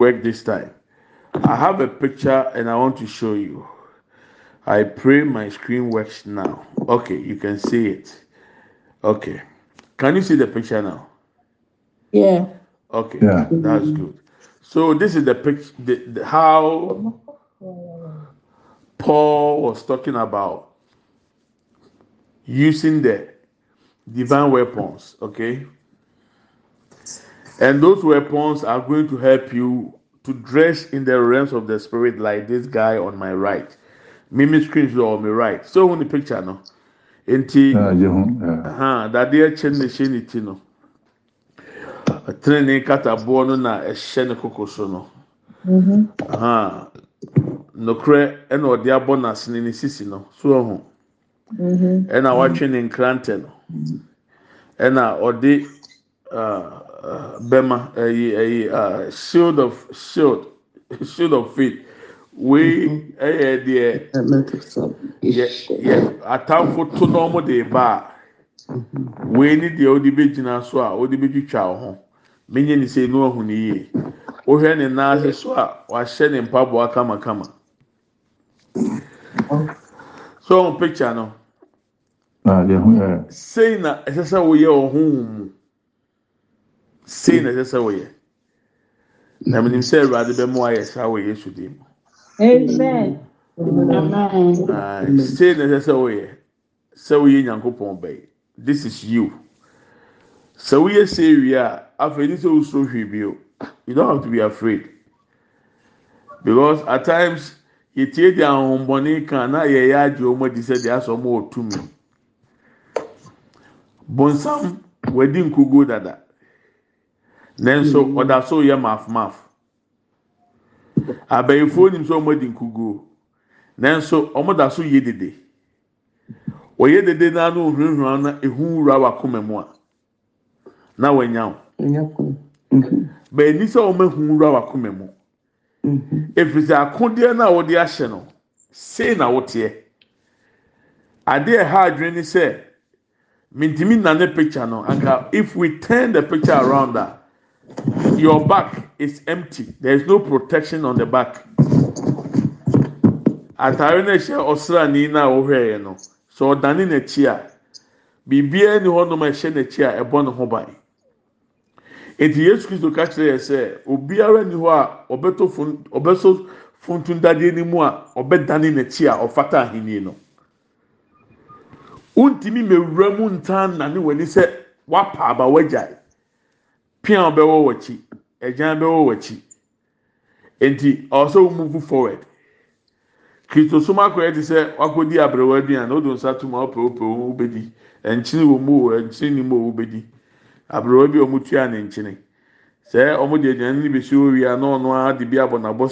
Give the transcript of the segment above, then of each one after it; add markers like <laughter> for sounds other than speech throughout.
work this time. I have a picture and I want to show you. I pray my screen works now. Okay, you can see it. Okay. Can you see the picture now? Yeah. Okay. Yeah. That's good. So this is the picture the, the, how Paul was talking about using the divine weapons, okay? And those weapons are going to help you to dress in the realms of the spirit, like this guy on my right. Mimi screams on my right. So on the picture no. Enti ha dade ɛkyɛ ne hyɛ ne ti you know. Training kataboɔ no na ɛhyɛ ne koko so no. Ha nokorɛ ɛna ɔde abɔ n'asene ne sisi no so ɔho. Ɛna mm-hmm. watwe ne nkrantɛ no. Ɛna ɔde. bɛma shield of <laughs> fait wei mm-hmm. ɛyɛ deɛ ɛyɛ atamfo to noɔ m de ba a mm-hmm. wei ne deɛ wode bɛgyina so a wode bɛtitwa wo ho mɛnyɛ ne sɛi ne wahuni yie wo hwɛ ne naase so a wahyɛ ne mpaboa kamakama oh. sɛho pikta no ah, sei na ɛsɛ sɛ woyɛ ɔ hoho mu sei na ɛsɛ sɛ wɔyɛ na menim sɛ awurade bɛmo ayɛ saa wɔ yesu din mu sei na ɛsɛ sɛ wɔyɛ sɛ woyɛ nyankopɔn bɛyɛ this is you sɛ woyɛ sei wie a afei ni sɛ wosoro hwee bio you don't have to be afraid because at times yɛtie deɛ ahohombɔne kan na yɛyɛ agye wɔn adi sɛ deɛ asɔ wɔn wɔ tumi bonsam wɔadi nkogo dada. nanso ọda hmm. so yɛ maf abayifoɔ nim sɛ ɔmo adi nkuguo nanso ɔmo da so yɛ dede ɔyɛ dede n'ano ohunahuna na ehu wura wakoma mu a na wɔnya wo bɛni sɛ ɔmo ehu wura wakoma mu efiri sɛ akodeɛ na wɔde ahyɛ no sei na wɔteɛ adeɛ ɛha adwene ni sɛ mintimi na ne picture no anka if we turn the picture around a. your back is empty there is no protection on the back atare no ɛhyɛ ɔsraani na ɔhwɛɛ no sɛ ɔdane n'akyi a biribiara ni hɔnom a ɛhyɛ n'akyi a ɛbɔ ne ho ban eti yesu kristo ka kyerɛ yɛ sɛ obiara ni hɔ a ɔbɛto fun ɔbɛso funtun dadeɛ ni mu a ɔbɛdane n'akyi a ɔfata ahenni no wuntumi mewura mu ntan na ne wɔ ani sɛ wapa aba wagyae. pia a ɔbɛwɔ w'akyi bɛwɔ w'akyi nti ɔsɛ move forward kristosom akɔyɛ te sɛ wakɔdi abrewa bi nsa to mu a ɔpɛwopɛ wɔn wobɛdi nkyini wɔ mu wɔ nkyini ni mu bi a wɔn tua ne bi si ɔno bi abɔ no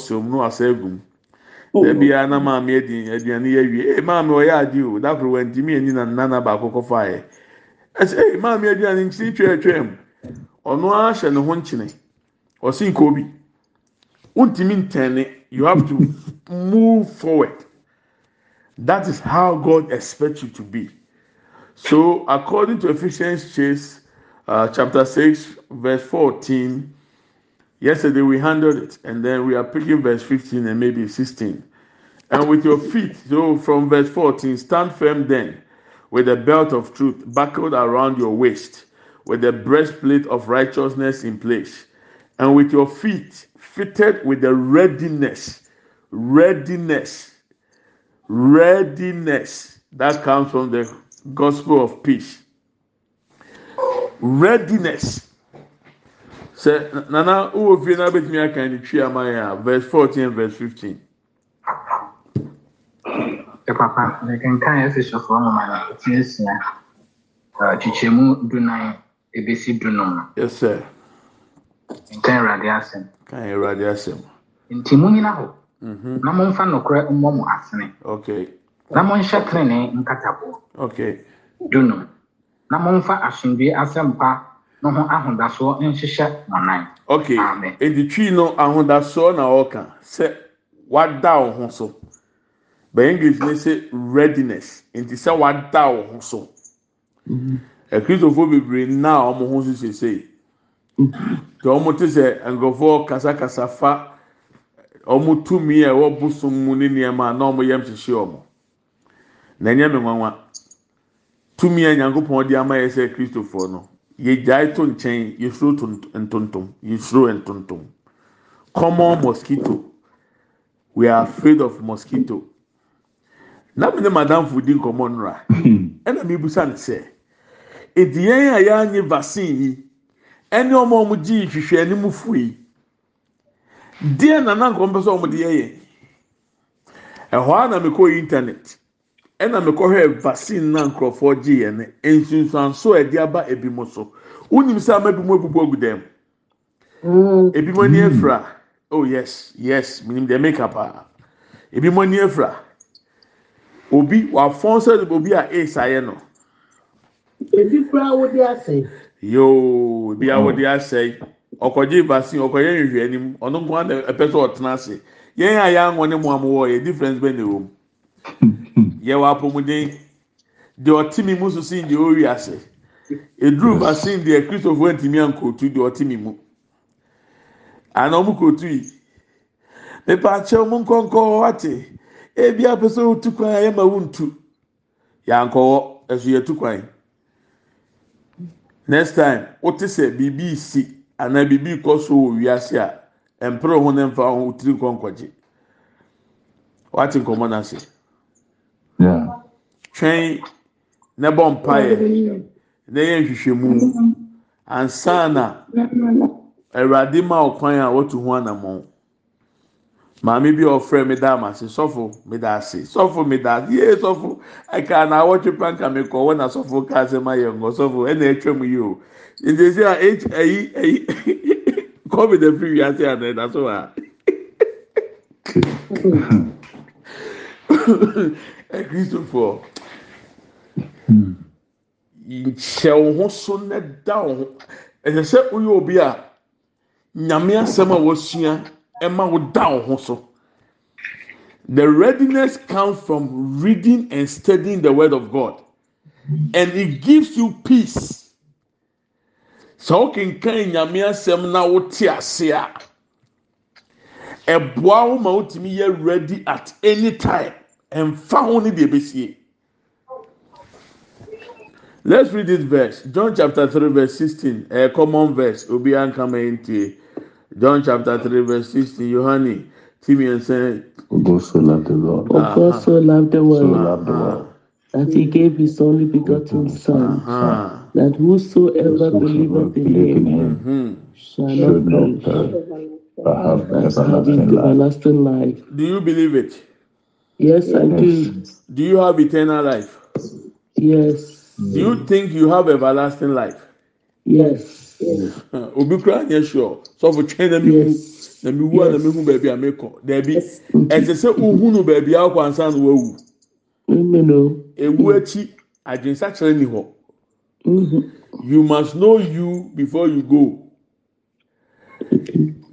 asɛ egum na maame aduane e yɛ wie ee eh, maame ɔyɛ adi o wɔn ntumi yɛ ni na nana baako kɔfa e. yɛ ɛsɛ ee eh, maame aduane nkyini ɔno ara ne ho nkyene ɔsi you have to <laughs> move forward that is how God expects you to be so according to Ephesians chase uh, chapter six verse fourteen yesterday we handled it and then we are picking verse fifteen and maybe sixteen and with your feet so from verse fourteen stand firm then with a belt of truth buckled around your waist with the breastplate of righteousness in place, and with your feet fitted with the readiness, readiness, readiness that comes from the gospel of peace. Readiness. Say, nana who will be betumi aka ne twi ama verse fourteen verse fifteen. Eh, Papa, ne kankan yɛ fi sɔfo ɔmo ma na o ti esia, kyikyɛ uh, uh, mu dunan. ebesi dunum no. yes sir. nkan awurade asɛm. nkan awurade asɛm. nti mu nyina hɔ. Mhm. na mo nfa nokora mmɔ mo asene. okay. na mo nhyɛ tenenee nkataboɔ. okay. dunum na mo nfa asomdue asɛmpa no ho ahodasoɔ nhyehyɛ mo nan. okay amen. edi twi no ahodasoɔ na ɔka sɛ wada wo ho so bɛyɛ english ne sɛ readiness nti sɛ wada wo ho so. Mm -hmm akristofoɔ bebree nna a wɔn ho nso sese tɛ wɔn te sɛ nkurɔfoɔ kasakasa fa wɔn tumi a ɛwɔ bosom mu ne nneɛma a na wɔn yam hyehyɛ wɔn na ɛnyɛ mi nwanwa tumi a nyankopɔn de ama yɛ sɛ akristofoɔ no yɛgyae to nkyɛn yɛsuro ntontom yɛsuro ntontom common mosquito we are afraid of mosquito na mi ne madamfo di nkɔmɔ nnura <laughs> ɛna mi busa ne sɛ. ɛdi a yɛanye vaccine yi ɛne ɔmo a ɔmo gye hwehwɛ anim fu yi deɛ nana na nkɔm pɛ sɛ ɔmo de yɛyɛ ɛhɔ a na mekɔ internet ɛna mekɔ hɛ vaccine na nkorɔfoɔ gye yɛn no nsonsanso a ɛde aba ebi mo so wunim sɛ ama ebi mo ebubu ogu dɛm mm. ebi mo ani efra mm. oh yes yes minim deɛ meka paa ebi mo ani efra obi wafɔn sɛ obi a ace ayɛ no. ebi kura awo ase, asɛn. yoo ebi mm. awo de asɛn ɔkɔgye vaccine ɔkɔyɛ nhwɛ anim ɔno nko ana ɛpɛ ase yɛn a yɛn anwɔ ne mu amu wɔ difference bɛ na ɛwɔ mu <laughs> yɛwɔ apɔmuden deɛ ɔte mi mu so sin deɛ ɔwi ase eduru vaccine deɛ kristofo ntumi ankotu deɛ ɔte mi mu ana ɔmo kotu yi pepa akyɛw mu nkɔnkɔ wate ebi apɛ sɛ otu kwan ayɛ ma wuntu yankɔwɔ ɛso yɛ tu kwan next time wote sɛ biribi si anaa biribi kɔ so wɔ wiase a mpere ho ne mfa ho tiri kɔ nkɔgye wate nkɔmɔ n'ase twɛn ne bɔ mpaeɛ ne yɛ nhwehwɛmu ansa na awurade ma ɔkwan a wɔtu ho anamoo maame bi a ɔfrɛ mi da ama se sɔfo mi da ase sɔfo mi da ase yee sɔfo ɛka na awɔtwe panka mi kɔ wɔn na sɔfo kaa sɛ ma yɛ ngɔ sɔfo ɛna ɛtwa mu yi o ndezi a ɛyi ɛyi ɛyi covid ɛfiri wi ase ana ɛda so a ɛkristofoɔ nkyɛ wo ho so na da wo ho ɛsɛ sɛ woyɛ obi a nyame asɛm a wɔsua. A wo da wo so the readiness comes from reading and studying the word of god and it gives you peace So, wokenkan nyame asɛm na wote ase a ɛboa wo ma wotumi ready at any time and ho ne deɛ let's read this verse john chapter three verse sixteen a common verse obi ankama ntie. John chapter 3, verse 16. Yohani, Timian said, God so loved the world. Oh, God so loved the world. So loved the world. That he gave his only begotten Son, uh-huh. that whosoever believeth in him, mm-hmm. shall not perish, uh, but have everlasting life. Do you believe it? Yes, I do. Do you have eternal life? Yes. Do you think you have everlasting life? Yes. <laughs> obi kura anyɛ sure sɔfo twɛn na mi hu na mi wu a na mi hu baabi a mi kɔ daabi mm-hmm. ɛsɛ sɛ ohunu baabi a ɔkɔ ansa na wawu oh. ewu mm-hmm. akyi adwinsakyerɛ ni hɔ mm-hmm. you must know you before you go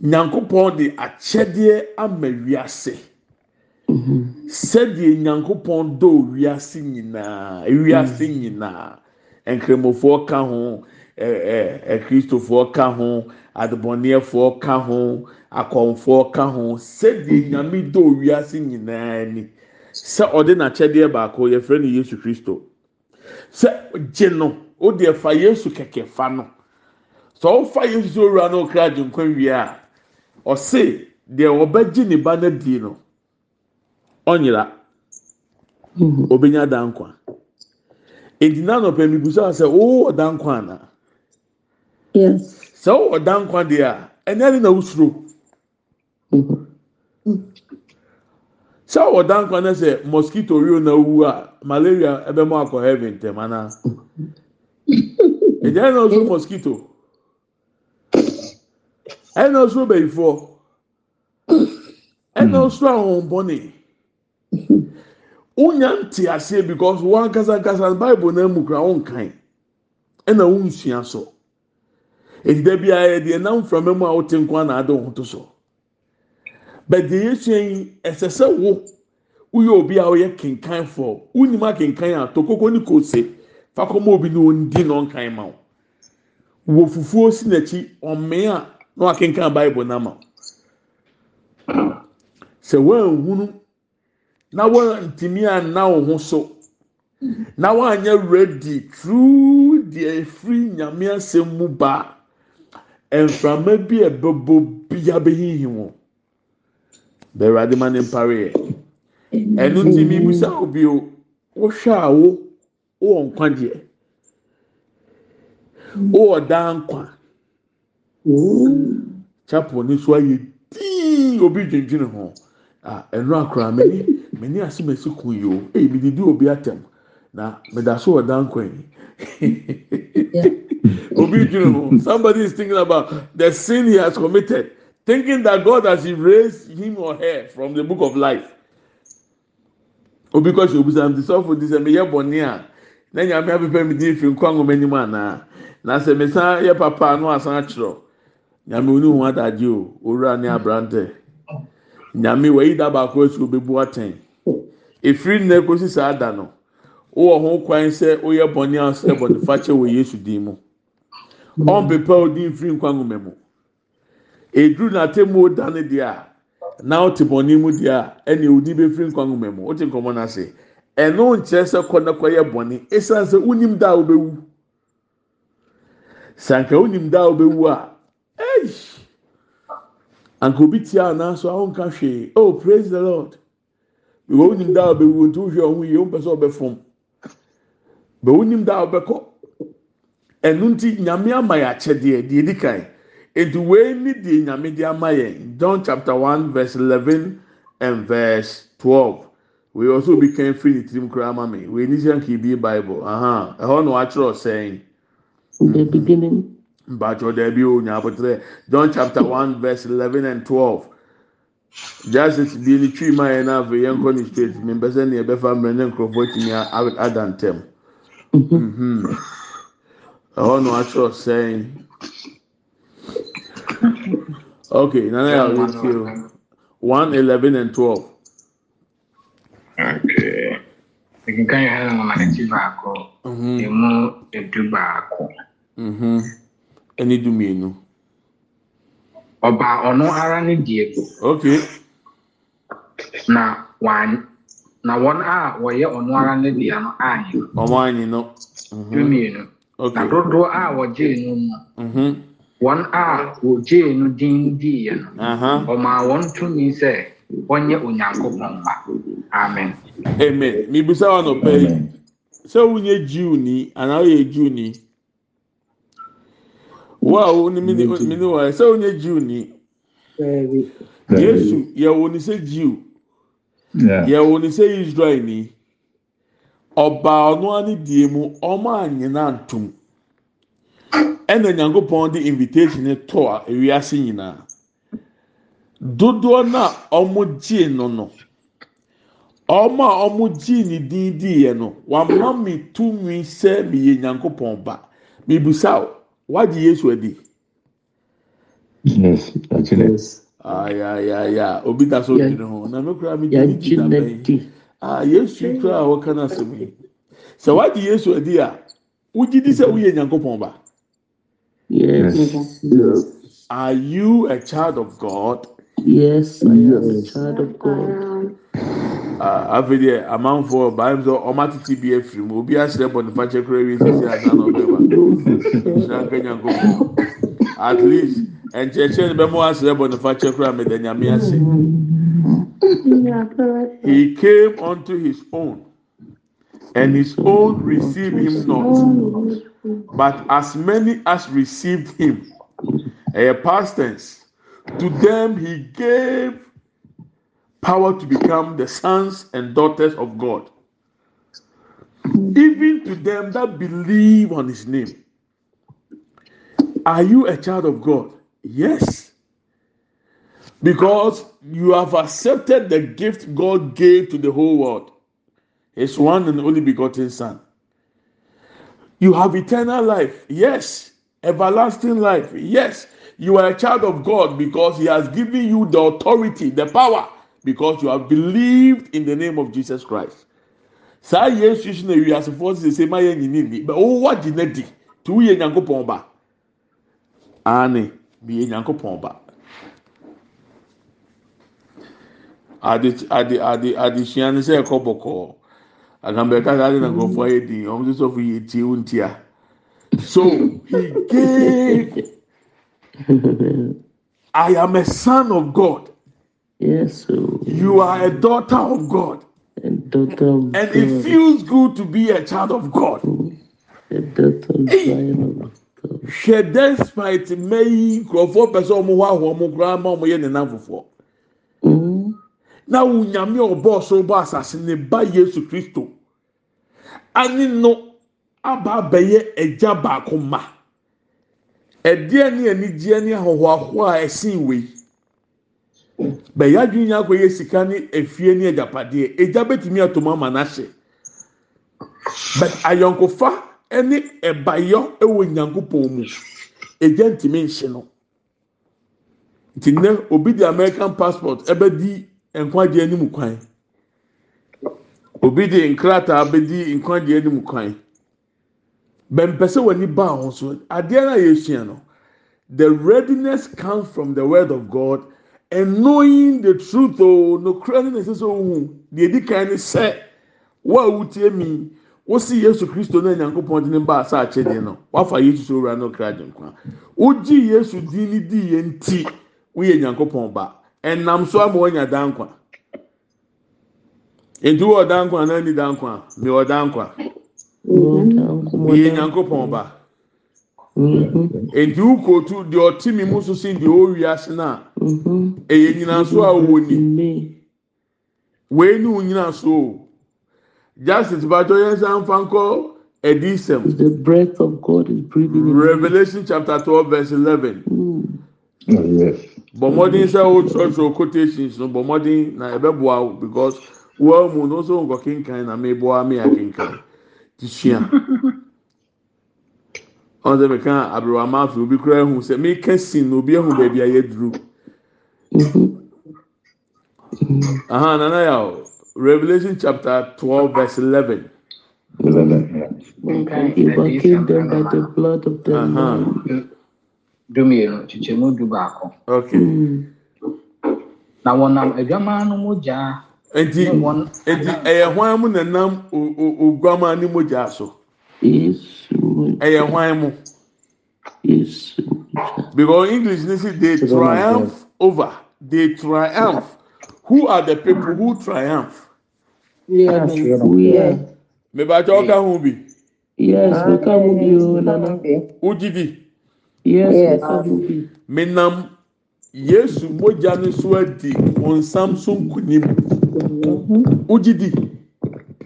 nyankopɔn de akyɛdeɛ ama wiase sɛdeɛ nyankopɔn dɔ wiase nyinaa wiase nyinaa nkramofoɔ ka ho. kristofoɔ ka ho adebɔneɛfoɔ ka ho akɔnfoɔ ka ho sɛdeɛ nyame dɔ wiase nyinaa ni sɛ ɔde n'akyɛdeɛ baako yɛfrɛ no yesu kristo sɛ gye no o deɛ fa yesu kɛkɛ fa no sɛ ɔfa yesu sɛ owura no okra agye nkwa a ɔse deɛ ɔbɛgye ne ba no di no ɔnyera mhm. obenya dankwa edi nanɔpɛ mibusa sɛ owó wɔ dankwa ana. yes sɛ wɔ dan kwan deɛ a ɛnyɛ ne na wusuro sɛ wɔ dan kwan na mosquito rio na wu a malaria ɛbɛ mu akɔ heaven tɛm ana ɛnyɛ na wusuro mosquito ɛnyɛ na wusuro bɛyifoɔ ɛnyɛ na wusuro ahombɔne wonya nte aseɛ because wɔn ankasa ankasa bible na mu kura wɔn kan ɛna wɔn nsua so. eti da bi a yɛ eh, deɛ nam mframa mu a wote nkwa na ade wɔn to so bɛdi yesu yi ɛsɛ sɛ wo woyɛ obi a ɔyɛ kenkanfoɔ wonim akenkan a to koko ne kose fa obi na ondi na ɔnkan ma wo wɔ fufuo si n'akyi ɔmmea a na wakenkan baibul n'ama sɛ wɔanhunu na wɔantumi anna wo ho so na wɔanyɛ redi through deɛ efiri nyame asɛm mu baa. mframa bi a ɛbɛbɔ bi abɛyiyi wɔn bɛrɛ adi ma ne mpare yɛ ɛnu ti mi busa obi o wohwɛ a wo wɔ nkwagyeɛ wɔ daa nkwa chapel ne so ayɛ dii obi dwendwene ho a ɛnu akora mɛni mɛni ase mɛsi kun yi o eyi mi didi obi atɛm. na medaso wɔ dan kwan <laughs> obi ho somebody is thinking about the sin he has committed thinking that God has erased him or her from the book of life obi kɔ Obi, obisa mi sɔfo di sɛ meyɛ bɔnni a na nyame apɛpɛ mi di fi nkɔ angoma anim ana na sɛ mi san yɛ papa ano asan akyerɛ nyame oni ho adagye o owura ne aberante nyame wɔyi da baako esu obebu atɛn efiri nne kosi saa da no. wowɔ ho kwan sɛ woyɛ bɔne asɛ bɔnefakyɛ wɔ yesu din mu ɔmpepa odi mfiri nkwa nwoma mu eduru n'atemmuo da ne deɛ a na ɔte bɔne mu deɛ a ɛna odi bɛfiri nkwa nwoma mu ɔte nkɔmɔ n'ase ɛno nkyerɛ sɛ kɔ na kɔyɛ bɔne esan sɛ wonim da a wobɛwu sanka wonim da a wobɛwu a ɛyi anka obi tia anaso a ɔnka hwee oh praise the lord wɔn wonim da a wobɛwu nti wohwɛ ɔho yie wɔn pɛ sɛ ɔbɛfɔm. bɛ wonim da a wɔbɛkɔ ɛnu nti nyame ama yɛ akyɛdeɛ deɛ edi kan edu wei ni deɛ nyame de ama yɛ John chapter one verse eleven and verse twelve wei ɔsɛ obi kan firi ne tirim koraa ama mi wei ni sɛ nkibi bible ɛhɔ na wɔatwerɛ sɛn. the beginning. mbaatɔ dɛbi o nyaabotere John chapter one verse eleven and twelve. justice bi ni twi ma yɛ na afei yɛn kɔ ni straight mmerɛ ne nkurɔfoɔ ada ntɛm. ɛhɔ na watwerɛ sɛn ok nana yà wọ́n ti o one eleven and twelve. nkenkan yɛ hɛn wɔn akyi baako emu edu baako. ɛne du mmienu. ɔbaa ɔno ara ne Diego? Oh. gu. ok. na wan na wɔn a wɔyɛ ɔno ara ne deɛ no anyi no. wɔn anyi no. mmienu. okay na dodoɔ a wɔgyee no mu. Mhm. wɔn a wɔgyee no din diiɛ no. ɔmaa wɔn tumi sɛ wɔnyɛ onyankopɔn ba amen. amen mibisa wa n'ọpẹ yi sɛ wonye jiw ni anaa oyɛ jiw ni wo a wo ni mi ni wɔ sɛ wonye jiw ni yesu yɛ wɔ ni sɛ jiw. yɛwɔ ne sɛ israel ni ɔbaa ɔno ani die mu ɔmo anyina ntom ɛna nyankopɔn de invitation tɔ a ewiase nyinaa dodoɔ na ɔmo gye no no ɔmo a ɔmo gye ne din diiɛ no wama mi tumi sɛ miyɛ nyankopɔn ba bibusa wagye yesu adi. yes actually. Yes. ayayaya obi da so di ne ho na me mi di ne ti na a yesu kura a wɔka na asɛm yi sɛ wadi yesu adi a wogyi di sɛ woyɛ nyankopɔn ba. Yes. Are you a child of God? Yes, I am a child of God. Ah, afei deɛ amanfoɔ baa mu ɔmo atete bi afiri mu obi ahyerɛ bɔnifakyɛ kura wi sisi asa na ɔbɛba nhyira <laughs> nka at least nkyerɛkyerɛ no bɛma wasrɛ bɔnefakyɛ koraa meda nyame ase he came unto his own and his own received him not but as many as received him ɛyɛ eh, past tense to them he gave power to become the sons and daughters of god even to them that believe on his name are you a child of god yes because you have accepted the gift god gave to the whole world his one and only begotten son you have eternal life yes everlasting life yes you are a child of god because he has given you the authority the power because you have believed in the name of jesus christ sa yesisysfo sa maye nyinii but owadi na di tooye nyankoponba bie nyankopɔn ba ade ade ade sɛ ɛkɔ agambɛka de na ayɛ din sɔfo yɛ tie so he gave I am a son of God. Yes, sir. you are a daughter of God. A daughter of and God. it feels good to be a child of God. A daughter of God. hwɛ despite mɛyi nkurɔfoɔ pɛ sɛ ɔmo hɔ ahoɔ mo koraa ma ɔmo yɛ ne nan fofoɔ mm-hmm. na onyame ɔbɔ ɔsoro bɔ asase ne ba yesu kristo ani no aba abɛyɛ ɛgya baako ma ɛdeɛ ne anigyeɛ ne ahohoahoa a ɛsen wei bɛyɛ adwene nyɛ akɔyɛ sika ne efie ne agyapadeɛ egya betumi atoma ama n'ahyɛ but ayɔnkofa. ne ɛbayɔ wɔ nyankopɔn mu ɛgya ntumi nhye no nti nnɛ obi di american passport ɛbɛdi nkwagye anim kwan obi di nkrataa bɛdi nkwagye anim kwan bɛmpɛ sɛ w'ani ba ho adeɛ no the readiness comes from the word of god and knowing the truth o oh, nokura ne na ɛsɛ sɛ ohun deɛ di kan ne sɛ wo a wotie mi. wosi yesu kristo na nyankopɔn de ne ba asa akyɛdeɛ no wafa yesu sɛ owura no kra agyenkwa wogye yesu din ne di yɛ nti woyɛ nyankopɔn ba ɛnam so ama wanya dankwa nti wɔ dankwa na ni dankwa mi wɔ dankwa yɛ nyankopɔn ba nti wokootu deɛ ɔte mi mu so si deɛ ɔwi ase na ɛyɛ nyinaa a ɔwɔ ni wei ni wo justice bàtọ yẹn sàn fankọ ẹdí sẹm. the breath of God is breathing Revelation chapter twelve verse eleven. bọ̀mọ́dín sẹ́ o tọ́jú quotations no bọ̀mọ́dín na ẹ bẹ́ bọ̀ awọ because wọ́n mu ní so sọ nǹkan kínkàn na mi bọ́ mi à kínkàn ti sùn On the sẹ́ mi kàn àbúrò àmàfin obi kúrẹ́ ẹ̀hún sẹ́ mi kẹ́ sin mm-hmm. na obi ẹ̀hún bẹ̀ẹ̀bi ayé dúró. ahan nana yà o. Revelation chapter 12, verse 11. You overcame them by the blood of the uh-huh. Lamb. Okay. Hmm. Na wɔnam adwamaa no mu gyaa. Nti nti ɛyɛ hwan mu na nam oguama ne mu gyaa so. Ɛyɛ hwan mu. Because English ni si they triumph over they triumph who are the people who triumph. Yes, ah, yes. Mebacha ọka hụ bi. Yes, ọka hụ bi o nana. Uji bi. Yes, ọka hụ bi. Menam Yes, mogya nso adi nsam so nkunim. Uji di.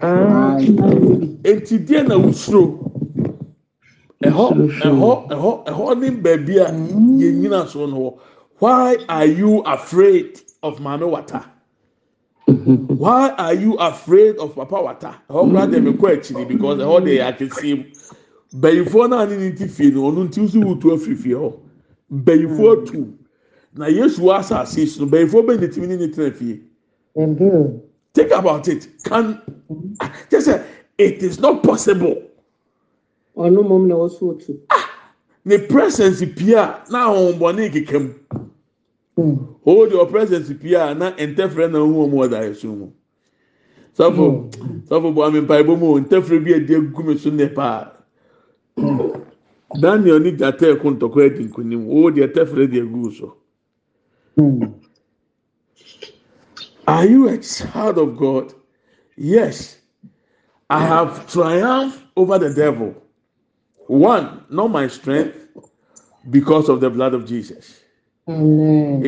Mm-hmm. Ah, Eti die na usoro. Ɛhɔ ɛhɔ ɛhɔ ɛhɔ ne beebi a mm. yɛn nyina so no Why are you afraid of maame wata? why are you afraid of papa wata ɛhɔ kora dɛm ɛkɔ akyiri because ɛhɔ de yɛ akɛseɛ mu bɛyifoɔ naa ne ne ti fie no ɔno ti nso wutu afiri fie hɔ bɛyifoɔ tu na yesu wɔ asaase so bɛyifoɔ bɛ ne ti ne ne tena think about it can hmm. just say it is not possible. ɔno mom I also want to the presence pia na ahombɔne keka mu hold your presence si pia ah, na ntẹfẹrẹ na ohun ọmọ ọdà ẹsọ mu sọfọ sọfọ bọ àmì mpaebọ mu ntẹfẹrẹ bi ẹdí egu mi so nẹpa daniel ní gata ẹkọ ntọkọ ẹdí nkunim o de ẹtẹfẹrẹ di egu so. Are you a child of God? Yes, I have triumphed over the devil. One, not my strength, because of the blood of Jesus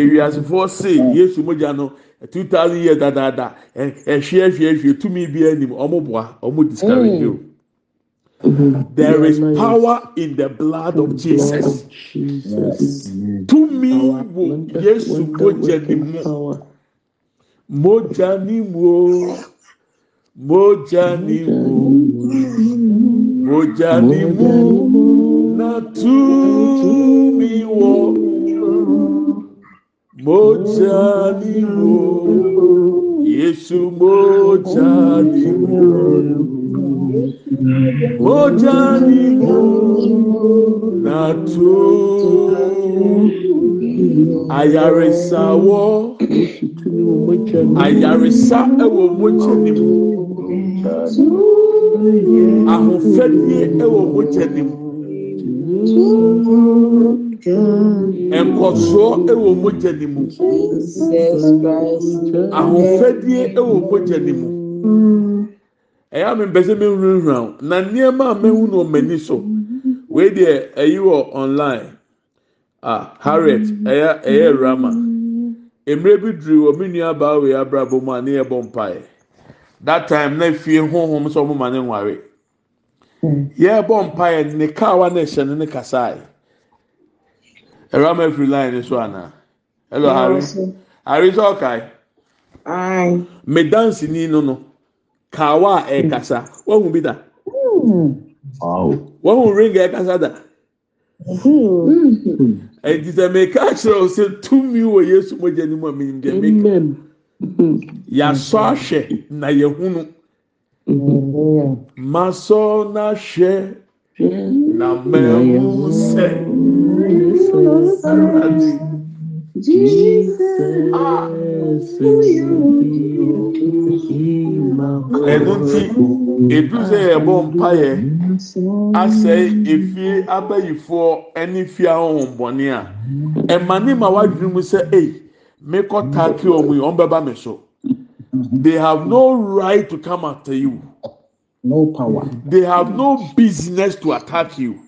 ewiasefoɔ se yesu mogya no two thousand years dadaada ɛhwie ɛhwie ɛhwie tumi bi anim ɔmo boa ɔmo discourage you. Mm. Mm-hmm. There is power in the blood of Jesus. Tumi wo Yesu mogya ni mu. Mogya ni mu o. Mogya ni mu. Mogya ni mu. Na tumi wo moja ni wo yesu moja ni wo moja ni wo na tu. ayaresa wọ ayaresa ẹwọ moja ni mu ahofẹniye ẹwọ moja ni mu. nkɔsoɔ ɛwɔ mogya ne mu ahofadie ɛwɔ mogya ne mu ɛyɛ a mempɛ sɛ mehurahura na nneɛma a mehu no ɔm'ani so wei deɛ ɛyi wɔ online a harriet ɛyɛ ɛyɛ rama mmerɛ bi duru wɔ me nua abaa wei abrabɔ mu a ne yɛ bɔ mpae that time na fie honhom sɛ ɔmo ma ne nware hmm. yɛ bɔ mpaeɛ ne kaawa na ɛhyɛ ne ne kasaeɛ. ẹ̀rọ àmọ́ ẹ̀fìrì line so àná hello Harry Harry sọ ọ̀ka ẹ̀ mi dáǹsì ní inú no kàwa ẹ̀ kàsa wọ́n hùn bí dà wọ́n hùn ring ẹ̀ kàsa dà ẹ̀dì mm-hmm. sẹ̀ mi ká kyerẹ́ o sẹ́ túmí wọ Yéṣu mọ́jà ni mo mi ń jẹ́ mi ká yà sọ àhwẹ̀ na yẹ hunu mà sọ náà hwẹ́. na mahu sɛad ɛno nti ɛdu sɛ yɛbɔ mpaeɛ asɛe efie aba yifoɔ ne fia wɔhɔ mbɔne a ɛma nim a w'adwenemu sɛ ei mekɔtaa ke wɔ mu yi ɔmbɛba me so the have no right to come ata yi wo no power. they have no business to attack you.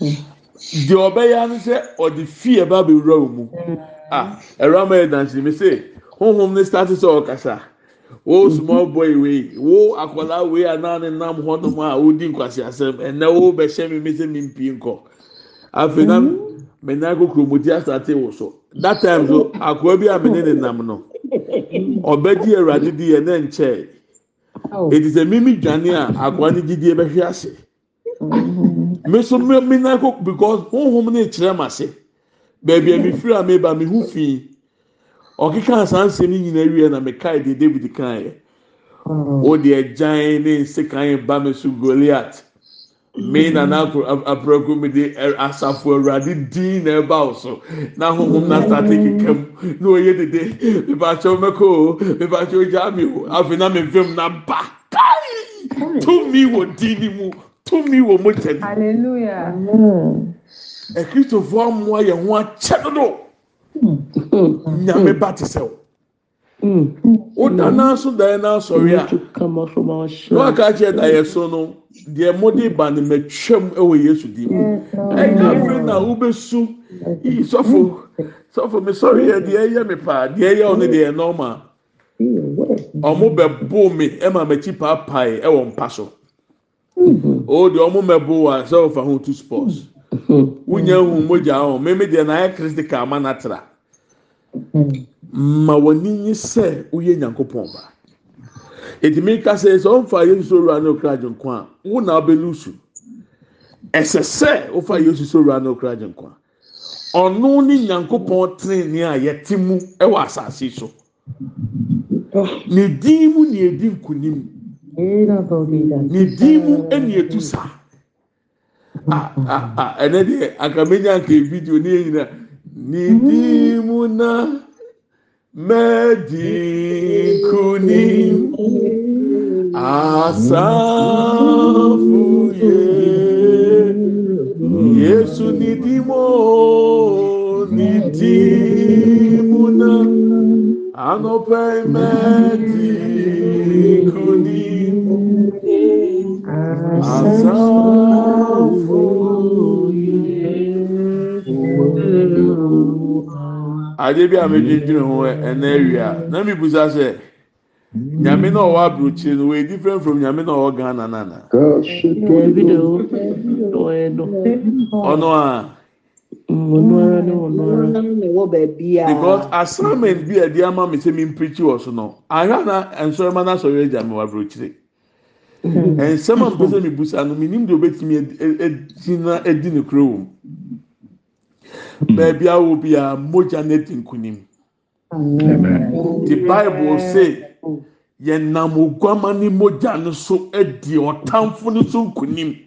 deɛ ɔbɛyɛ ano sɛ ɔde fi ɛba abɛwura wɔn mu a ɛwura mu yɛ dansi mi sɛ honhom ne start sɛ ɔkasa wo small boy wei wo akwadaa wei anaa ne nam hɔnom a wodi nkwasi asɛm ɛnna wo bɛhyɛ mi mi sɛ mi mpie nkɔ afei na mɛ nan ko kuromoti asate wɔ so that time so akwadaa bi a mɛ ne ne nam no ɔbɛ di ɛwura didi yɛ ne nkyɛn eti sɛ mímí dwane a ah, akwa ne gyidie bɛhwɛ ase me nso mi nan ko because honhom ne kyerɛ ma se beebi a mi firi a mi ba mi ho fi ɔkeka asanse ne nyinaa wie na mi kae de david kan yɛ hmm. o deɛ gyan ne nsekan ba mi so goliath mee na n'akuru aburakuru mi de er, asafo awurade din na ɛba so na ahohom na asate keka mu na oye dede mipatsɛ mɛko o mipatsɛ ogya mi o afei na mi fam na ba kai tumi wɔ din ni mu tumi wɔ mo kyɛ ni. hallelujah. ɛkristofo amoa yɛn ho akyɛ dodo hmm. nyame ba ti sɛ Mm. woda mm. naa so daeɛ naa sɔre a oakaa kyerɛ dayɛ so no deɛ mode ba no mmatwam wɔ yesu di mu ɛka frɛ na wobɛsu i sɔfo mm. sɔfo mesɔreɛ deɛɛyɛ me paa deɛ yɛ wo no deɛ ɛnɔm a ɔmo bɛbo me ma m'akyi paapae wɔ mpa so o deɛ ɔmo mɛboa sɛofa hoto spos wonya humɔgyaa ho meme deɛ nayɛ khris ticalma natra ma wɔn nyi sɛ woyɛ nyankopɔn ba ètìmí kasa yẹ sọ ọmfa yesu sọ wura n'okura agye nkwa wo na abẹ lusu ẹsẹ sẹ ọfa yesu sọ wura n'okura agye nkwa ọno ne nyankopɔn tenene a yɛte mu ɛwɔ asase so oh. ne din mu ne edi nkunim ne din mu ɛne etu saa a a a ɛnɛ deɛ akamenya nka video ne yɛ nyina ne mhm. din mu na. mέτικονi αsάφοe ιeσο νη τιμο νη τiμουνα άνoπe μέτικονηαα adeɛ bi a medwendwene mm. ho ɛna eh, awia na mi busa sɛ mm. nyame na ɔwɔ aburukyire no wɔyɛ different from nyame na ɔwɔ ghana nana. ɔno a. Mm, because assignment bi a ɛde ama mi sɛ mi mpirikyi wɔ so no ahwɛ na nsɔrɔma na asɔre agya mi wɔ aburukyire nsɛm a mpɛ sɛ mi busa no mi nim de obetumi edi e, e, na edi ne kuro wɔ mu. Hmm. baabi awo biara mogya na di nkunim the bible say yɛnam oguama ne mogya no so di ɔtamfo no so nkunim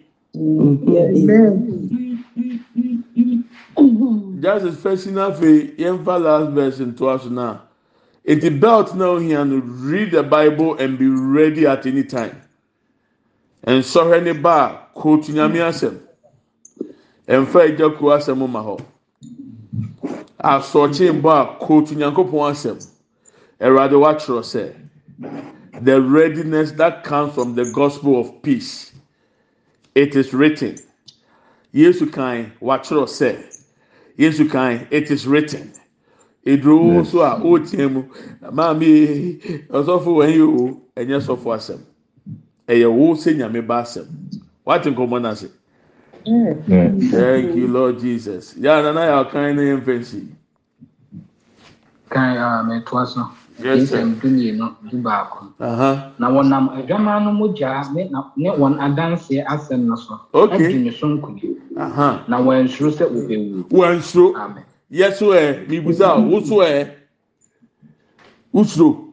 just especially afei yɛnfa last verse to so na eti belt na ohia no read the bible and be ready at any time And ne ba a kootu nyame asɛm mfa egya kuro asɛm ma hɔ asɔkye mbɔ a kootu nyankopɔn asem. ɛwurade wakyerɛ sɛ the readiness that comes from the gospel of peace it is written yesu kan wakyerɛ sɛ yesu kan it is written edurowo nso a ɔreteɛ mu maame ɔsɔfo wɔn yi o ɛnyɛ sɔfo asɛm ɛyɛ wo sɛ nyame ba Thank you, Lord Jesus. Yeah, and I are kind of infancy. Kan a mɛtoa so. Nsɛm dumienu du I'm wɔnam adwaman no mu gyaa ne ne wɔn adanseɛ asɛm no us. Okay. Uh huh. Now Adi ne so nkunim. Uh-huh. Na wɔnsoro sɛ wɔbɛwu. Wɔnsoro. Amen. Yɛ we. ɛ, mibusa, wosoro ɛ, wosoro.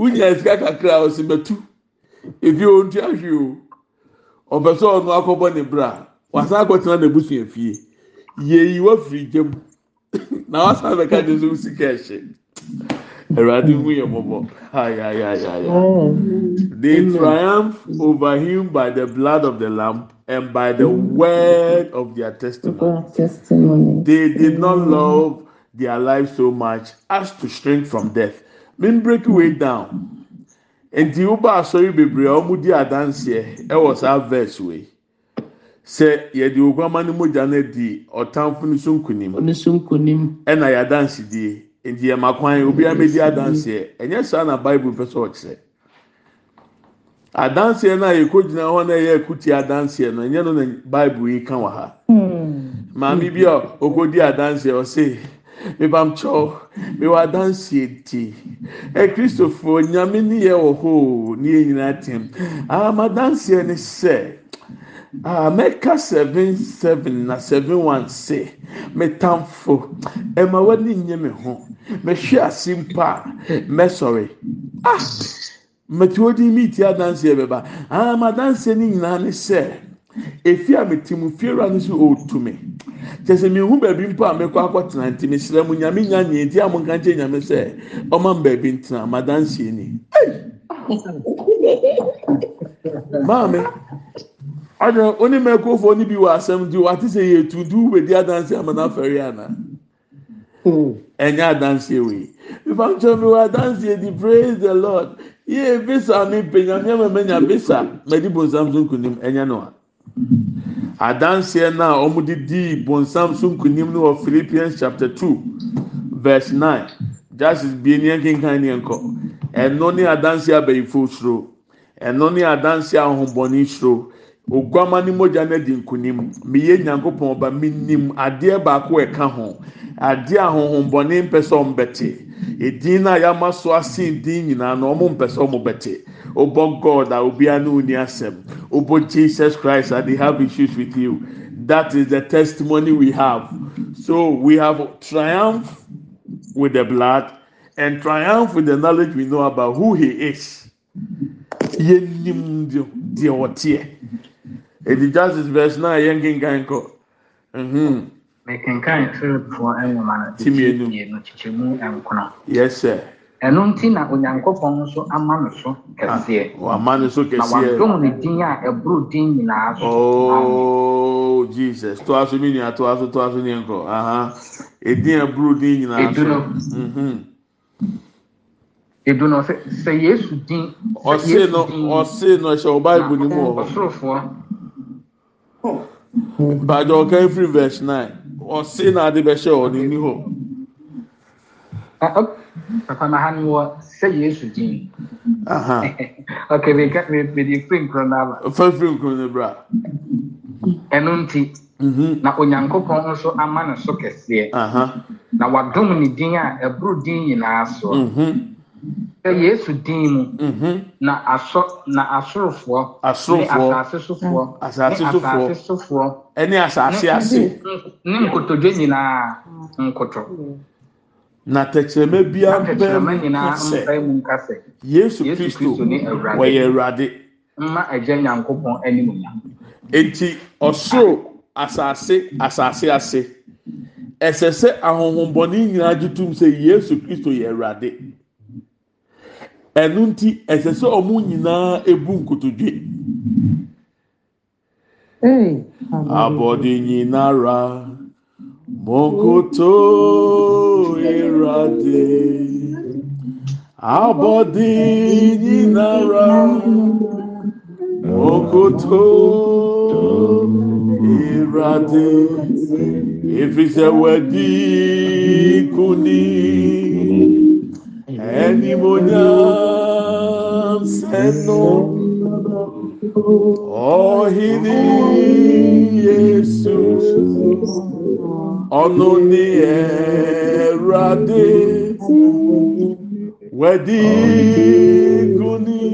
wunya sika kakra ebi ohun ti ahwi o ne bra na sika mu ayayayaya they triumph over him by the blood of the lamb and by the word of their testimony they did not love their life so much as to shrink from death. mean break wey down nti ụba asọrị bebree a ọmụ di adanseɛ ɛwɔ saa verse wei sɛ yɛde oguama no mogya no di ɔtamfo no so nkunim ɔno so nkunim ɛna yɛadanse die nti yɛ makwan obiara bɛ di adanseɛ ɛnyɛ saa na bible pɛ sɛ ɔkyerɛ adanseɛ no a na ɛyɛ ɛkuti adanseɛ no ɛnyɛ no na bible ka wɔ ha hmm. maame bi a oh, adanseɛ ɔsɛ. mebamkyɛw mewɔ adansie nti ɛkristofo eh, nyame ne yɛ wɔ hɔ o ne yɛ nyinaa tem ama ah, danseɛ ne ah, sɛ mɛka seven seven na seven one se metamfo ɛma eh, w'ani nye me ho mehwe ase mpa mɛsɔre ah mɛtuo di mi ti adanseɛ bɛba ama ah, danseɛ ne nyinaa ne sɛ efi a metimu fiewura ne so otu me kyesɛ mihu baabi mpo a mekɔ akɔtena nti mesrɛ mu nyame nya nyɛ nti a mo nka nkyɛ nyame sɛ ɔma m baabi ntena madansie ni <laughs> maame ɔdɛ oni mɛkofoɔ ni bi wɔ asɛm di wate sɛ yɛ tuntum bedi adansi amana fɛri ana hmm. ɛnyɛ adansi ewi nifa nkyɛn mi wɔ adansi edi praise the lord yie bisa mi pe nyamia mɛmɛ nya bisa mɛdi bonsam so nkunim ɛnyɛ no a adanseɛ no a wɔde dii bonsam so nkonim no wɔ philippians chapter two verse nine justice bie ne nkenkan ne nkɔ ɛno ne adanseɛ abayifo soro ɛno ne adanseɛ ahohombɔne soro. oguama ne mogya no adi nkonim meyɛ nyankopɔn ba menim adeɛ baako ɛka ho adeɛ ahohombɔne mpɛ sɛ ɔmbɛte ɛdin no a yɛama so asen din nyinaa no ɔmo mpɛ sɛ ɔmo bɛte wobɔ god a obiara ne wonni asɛm wobɔ jesus christ a they have issues with you that is the testimony we have so we have triumph with the blood and triumph with the knowledge we know about who he is yɛnim deɛ ɔteɛ ɛdi justis vers na yɛ nkenkan nkɔmiɛma ne so kɛseɛjesus toa so mennuatoa so toa so nneɛnkɔ ɛdin a bro din nyinasɔsee oh, e e mm-hmm. e no ɔhyɛ wɔ bible no mu wɔ hɔ bàjẹ́ ọ̀kan firi verse nine ọ̀sẹ̀ náà adé bẹ́ẹ̀ ṣe ọ̀nì ní hó. Ah, oh, Papa na ha ni wɔ sɛ Yesu din. <laughs> Ok, meka mede firi nkuro no aba. Fa firi nkuro no bra. Ɛno nti, mm-hmm. na onyankopɔn nso ama ne so kɛseɛ. Na wadom ne din a ɛboro din nyinaa soɔ. Mm-hmm yesu din mu mhm. na asɔ na asorofoɔ ne asase sofoɔ mm. ne asase sofoɔ ɛne asase ase ne nkotodwe nyinaa mm. nkoto na tɛkyerɛmɛ bia mpɛ mu nkasɛ yesu kristo wɔyɛ awurade mma agya nyankopɔn anim nya eti ɔsoro asase asase ase ɛsɛ sɛ ahohombɔni nyinaa gye tum sɛ yesu kristo yɛ awurade. ɛnu nti ɛsɛ sɛ ɔmo nyinaa ebu nkotodwe abɔde nyinara mokoto erade abɔde nyinara mokoto erade efisɛ wɛdi kuni. enimonyaseno ohini yesus ọnụni erade wediguni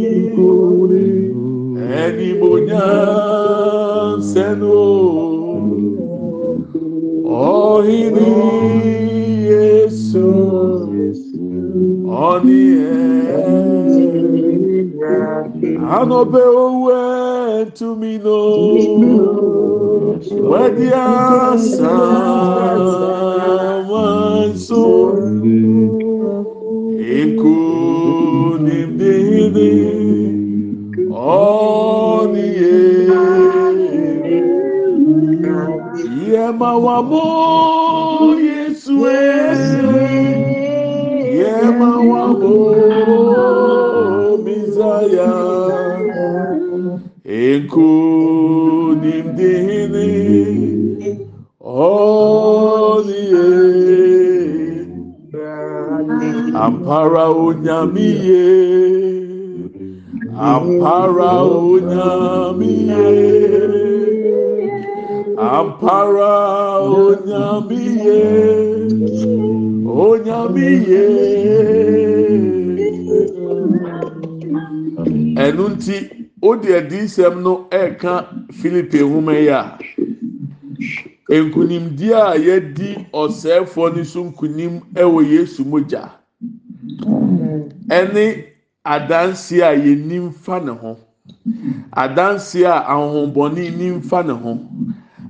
enimonyam seno on no be owe to me no. Where the answer. mi yé ɛnu nti o deɛ di nsɛm no ɛka filipi nwoma yi a nkunimdie a yɛdi ɔsɛɛfoɔ no so nkunim ɛwɔ yesu mogya ɛne adanseɛ a yɛni mfa ne ho adanseɛ a ahohombɔne ni mfa ne ho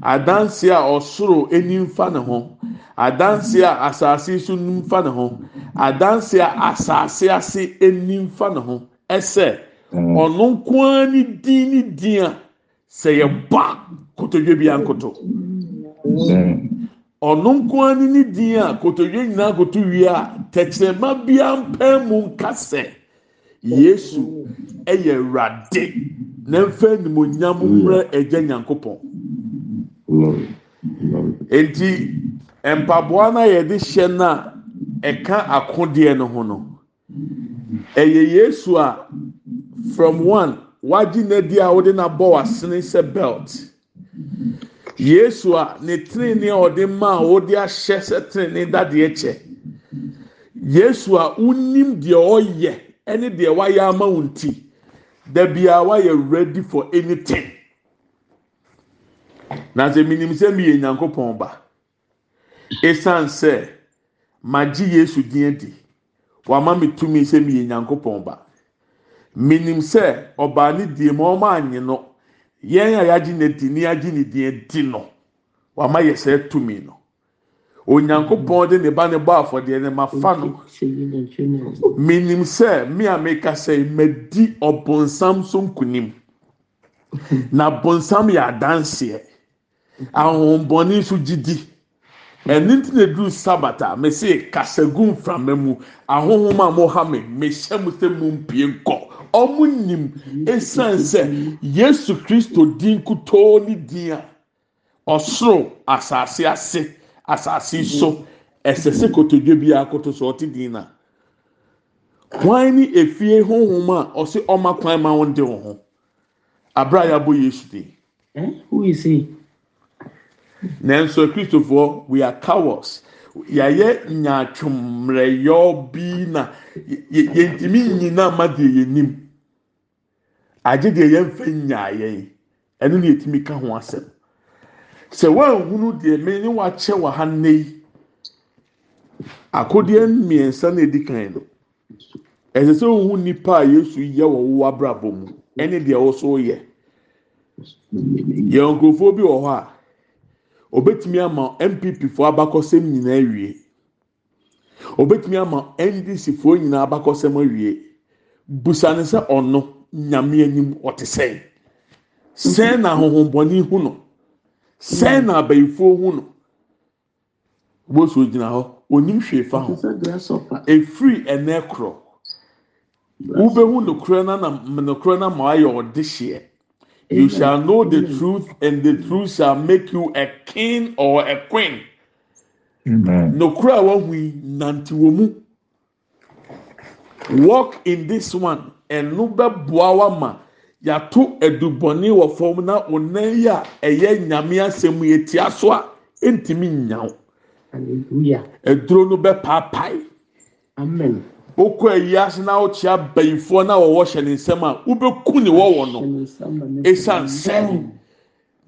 adanseɛ a ɔsoro ni mfa ne ho adanse a asase so nimfa ne ho adanse a asase ase nimfa ne ho ɛsɛ mm. ɔno nkoa ne din ne din a sɛ yɛbɔ a kotodwe bi ankoto mm. ɔno nkoa ne ne din a kotodwe nyinaa koto wie a tɛkyerɛma bia mpɛn mu nka sɛ yesu ɛyɛ awurade na mfɛn nimonyam mmerɛ mm. agya nyankopɔn eti. mpaboa na a yɛde hyɛ no ɛka akodeɛ no ho no ɛyɛ yesu a from one wagye n'adi a ɔde n'abɔ w'asene sɛ belt yesu a ne tenenee a ɔde ma a ɔde ahyɛ sɛ tenenee dadeɛ kyɛ yesu a wonim deɛ ɔyɛ ɛne deɛ wayɛ ama wo nti dabi a wayɛ ready for anything na sɛ minim sɛ miyɛ nyankopɔn ba. ɛsiane sɛ magye yesu diɛ di wama me tumi sɛ miyɛi nyankopɔn ba menim sɛ ɔbaa ne die ma ɔmaanye no yɛn a yɛagye ne di ne yɛagye ne diɛ di no wama yɛ sa tumi no onyankopɔn de ne ba ne bɔafɔdeɛ ne mafa no menim sɛ me a meka sɛ madi ɔbonsam so nkonim na bonsam yɛ adanseɛ ahohombɔne nso gyi di ɛne nti na duru sabata mese kasagu mframa mu ahohom a mo ha me mehyɛ mo sɛ mo mpie nkɔ ɔmo nim esan sɛ yesu kristo din kutoo ne din a ɔsoro asase ase asase so ɛsɛ sɛ kotodwe bi akoto so ɔte din na kwan ne efie honhom a ɔsi ɔma kwan ma wɔn de wɔn ho abira yabɔ yesu de. who is he. nanso akristofoɔ we are cowards yɛayɛ nyaatwommerɛyɔ bi na yɛntumi nyina ma deɛ yɛnim agye deɛ yɛmfa nyaa yɛn ɛno ne yɛtumi ka ho asɛm sɛ woanhunu deɛ me ne wakyɛ wɔ ha nnɛ yi akodeɛ mmiɛnsa na ɛdi kan no ɛsɛ sɛ wohu nnipa a yesu yɛ wɔ wo abrabɔ mu ɛne deɛ wo so yɛ nkurɔfoɔ bi wɔ hɔ a obetumi ama npp foɔ abakɔsɛm nyinaa awie obetumi ama ndc foɔ nyinaa abakɔsɛm awie busane sɛ ɔno nyame anim ɔte sɛn sɛn na ahohombɔni hu no sɛn na abayifoɔ hu no bosuo gyina hɔ onim hwee fa ho efiri ɛnɛ korɔ wobɛhu nokorɛ na na nokorɛ na ma ayɛ ɔde hyeɛ. You shall know the truth, and the truth shall make you a king or a queen. Nokura wahui nanti Walk in this one, and nuba buawama. Yato eduboni wa fam na oneya eye nyamia semu yetia soa entimi Hallelujah. Eduro no papai. Amen. wokɔ ayi ase na wokyea bayifoɔ na wɔwɔ hyɛ ne nsɛm a wobɛku ne wɔwɔ no ɛsiane sɛ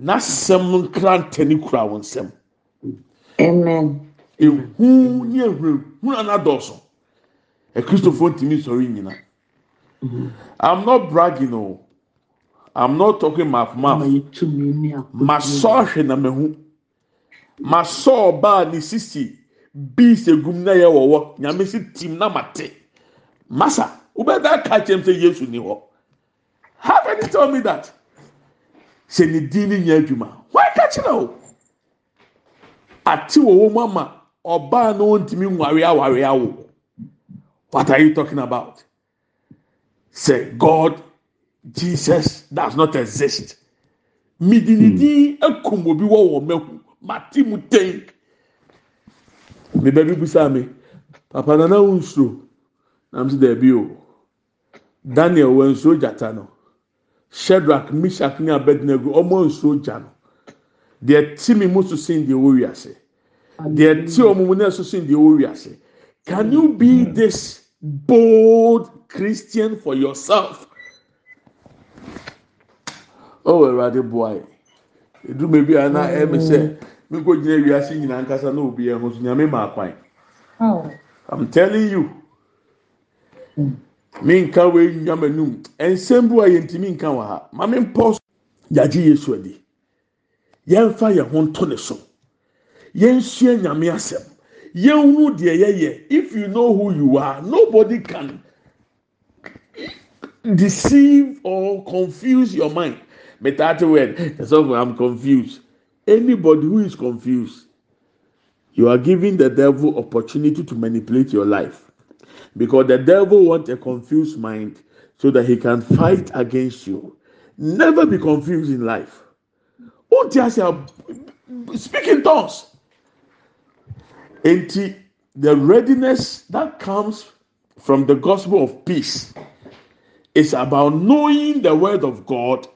n'asɛm no nkrantɛ ne kura wɔn nsɛm ehu ne ehurahuru anadɔɔso akristofoɔ ntumi sɔre nyina i'm not bragging o oh. i'm not talking ma mouth masɔɔhwɛ na mahu masɔɔ baa ne sisi. bees egum na yɛ wɔwɔ nyame si tim na ma te masa wobɛda ka kyɛm sɛ yesu ni hɔ how can you tell me that sɛ ne din ne nya adwuma wɔn ka kyerɛ o ate wɔ wɔn ama ɔbaa na wɔntumi nware aware awo what are you talking about say god jesus does not exist midinidi hmm. ekum obi wɔ wɔn mɛku mu ten. deda bi busaa me papa nana wo nsuro na m sɛ daabi o daniel wɔ nsuro jata no shedrack mishak ne abednego ɔmo nsuro ja no deɛ ti mi mu so sin deɛ wɔ wiase deɛ ti ɔmo mu na so sin deɛ wɔ ase can you be this bold christian for yourself ɔwɔ oh, awurade edu edumebi ana ɛmi sɛ. mekɔ gyina wiase nyinaa nkasa na obi ɛho so nyame maa kwan oh. i'm telling you mi nka wei nyam enum nsɛm bi wa yɛn ti mi nka wɔ ha maame mpɔ so yagye yesu adi yɛnfa yɛn ho nto ne so nyame asɛm deɛ yɛyɛ if you know who you are nobody can deceive or confuse your mind metaate word ɛsɛ ɔfɔ i'm confused anybody who is confused, you are giving the devil opportunity to manipulate your life because the devil wants a confused mind so that he can fight against you. Never be confused in life. Won't speaking tongues? and the readiness that comes from the gospel of peace is about knowing the word of God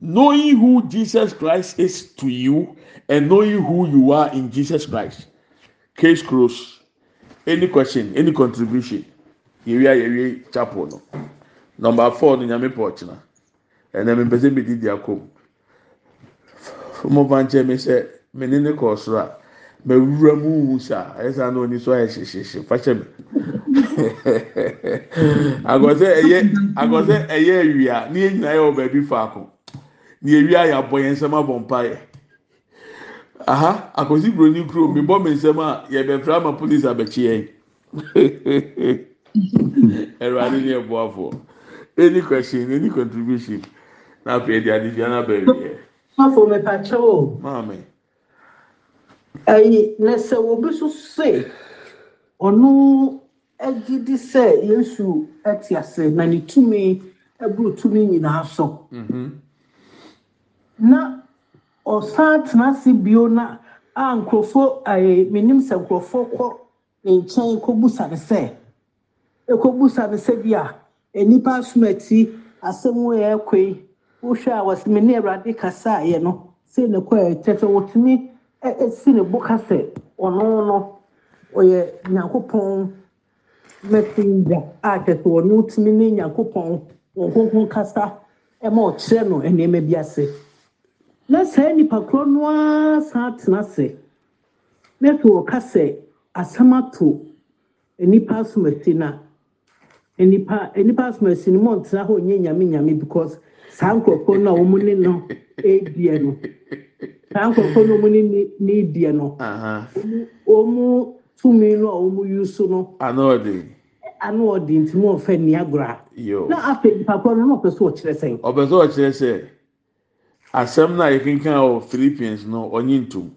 knowing who Jesus Christ is to you and knowing who you are in Jesus Christ. Case closed. Any question, any contribution? Yewia yewia chapel no. Number four ni nyame pɔt na. Ɛna mi mpɛsɛ mi di di akɔm. Fɔmɔ bankyɛ mi sɛ mi ni ne kɔ soro a mɛ wura mu wu sa ɛsɛ na oni so ayɛ hyehyehye fakyɛ mi. Agɔsɛ ɛyɛ agɔsɛ ɛyɛ awia ni yɛ nyinaa yɛ wɔ Ni ewi ayɛ abɔ yɛn nsɛm abɔ mpaeɛ aha akosi broni kuro mi bɔ mi nsɛm a yɛbɛfra ama polisi abɛkye yɛn <laughs> ɛwurade ni ɛbɔ afɔ any question any contribution na afei ɛdi adi bi anabɛ wiɛ. afọ mepatwa o. maame. ayi na sɛ obi so se ɔno agyi di sɛ yesu ɛte ase na ne tumi ɛburu tumi nyinaa so. Mm -hmm. na ɔsan tena ase bio na a nkurɔfoɔ ayɛ menim sɛ nkurɔfoɔ kɔ ne nkyɛn kɔbusa ne sɛ ekɔbusa ne sɛ bi a nnipa asomati asɛm yɛ ɛkɔ yi wohwɛ a wɔsi me ne awurade kasa ayɛ no sɛ ne kɔ ɛkyɛ sɛ wɔtumi ɛsi ne bo kasa ɔno no ɔyɛ nyankopɔn mɛsɛngya a kyɛ sɛ ɔno tumi ne nyankopɔn wɔn kɔnkɔn kasa ɛma ɔkyerɛ no nneɛma bi ase. na saa nnipakorɔ no ara san atena ase na afei wɔka sɛ asɛm ato nnipa asomasi no a nnipa nnipa asomasi no mu ntena hɔ nyɛ nyame nyame because saa nkurɔfoɔ no a wɔn ne no ɛredie no saa nkurɔfoɔ no a wɔn ne no no wɔn tumi no a wɔn yi so no ano ɔde ano ɔde ntoma ɔfɛ nneagora na afei nnipakorɔ no na ɔpɛ so ɔkyerɛ sɛn ɔpɛ so ɔkyerɛ sɛn. asɛm no a yɛkenkan wɔ philippians no ɔnye ntom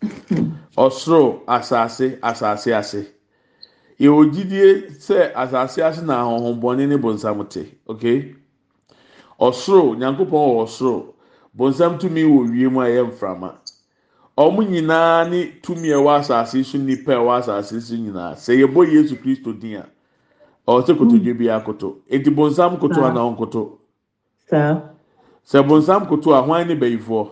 <laughs> ɔsoro asase asase ase yɛwɔ gyidie sɛ asase ase na ahohombɔne ne bonsam te okay ɔsoro nyankopɔn wɔ ɔsoro bonsam tumi wɔ wiem a ɛyɛ mframa ɔmo nyinaa ne tumi a ɛwɔ asase so nipa a ɛwɔ asase so nyinaa sɛ yɛbɔ yesu kristo din a ɔwɔ sɛ kotodwe bi akoto eti bonsam koto anaa ɔnkoto. saa sɛ bonsam koto a hwan ne bɛyifoɔ